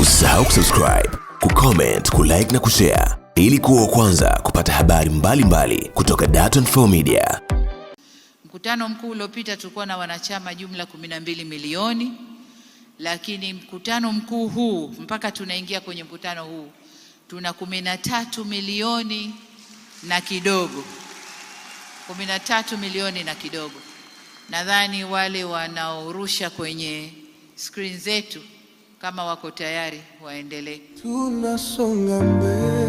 Usisahau kusubscribe, kucomment, kulike na kushare ili kuwa kwanza kupata habari mbalimbali mbali kutoka Dar24 Media. Mkutano mkuu uliopita tulikuwa na wanachama jumla 12 milioni, lakini mkutano mkuu huu mpaka tunaingia kwenye mkutano huu tuna 13 milioni na kidogo, 13 milioni na kidogo. Nadhani wale wanaorusha kwenye screen zetu kama wako tayari waendelee. Tunasonga mbele.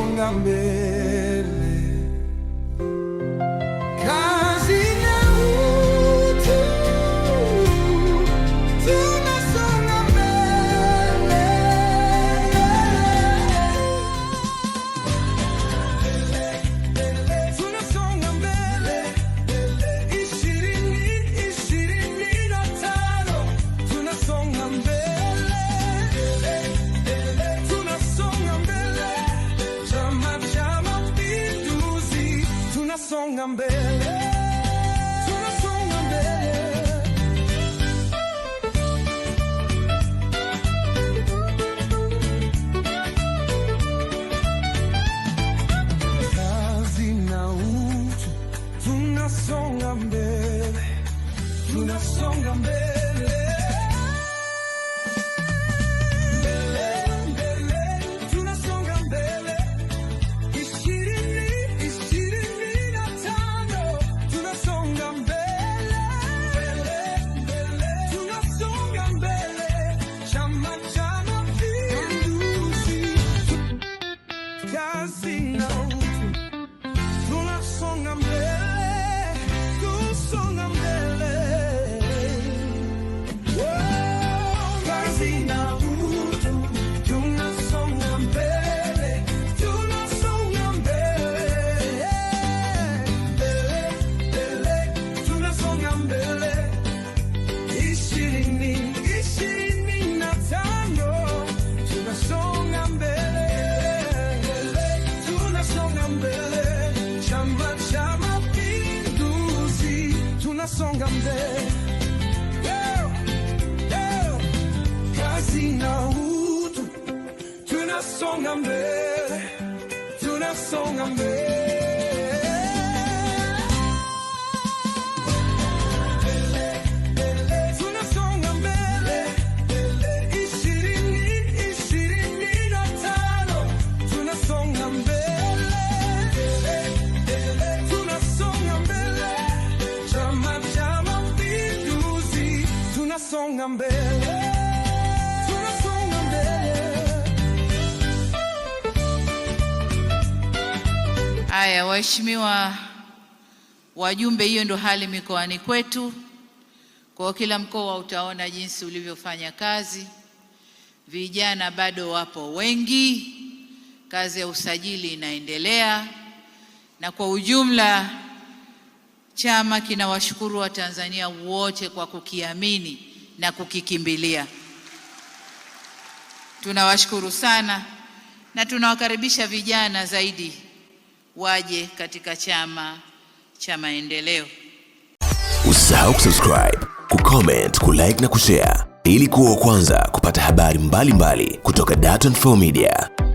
one. I'm barely someday. na yeah. Casi nautu, tuna song ambe, tuna song ambe. tunasonga mbele. Haya, waheshimiwa wajumbe, hiyo ndo hali mikoani kwetu. Kwa kila mkoa utaona jinsi ulivyofanya kazi. Vijana bado wapo wengi, kazi ya usajili inaendelea, na kwa ujumla chama kinawashukuru Watanzania wote kwa kukiamini na kukikimbilia. Tunawashukuru sana na tunawakaribisha vijana zaidi waje katika Chama cha Maendeleo. Usisahau kusubscribe, kucomment, kulike na kushare ili kuwa wa kwanza kupata habari mbalimbali mbali kutoka Dar24 Media.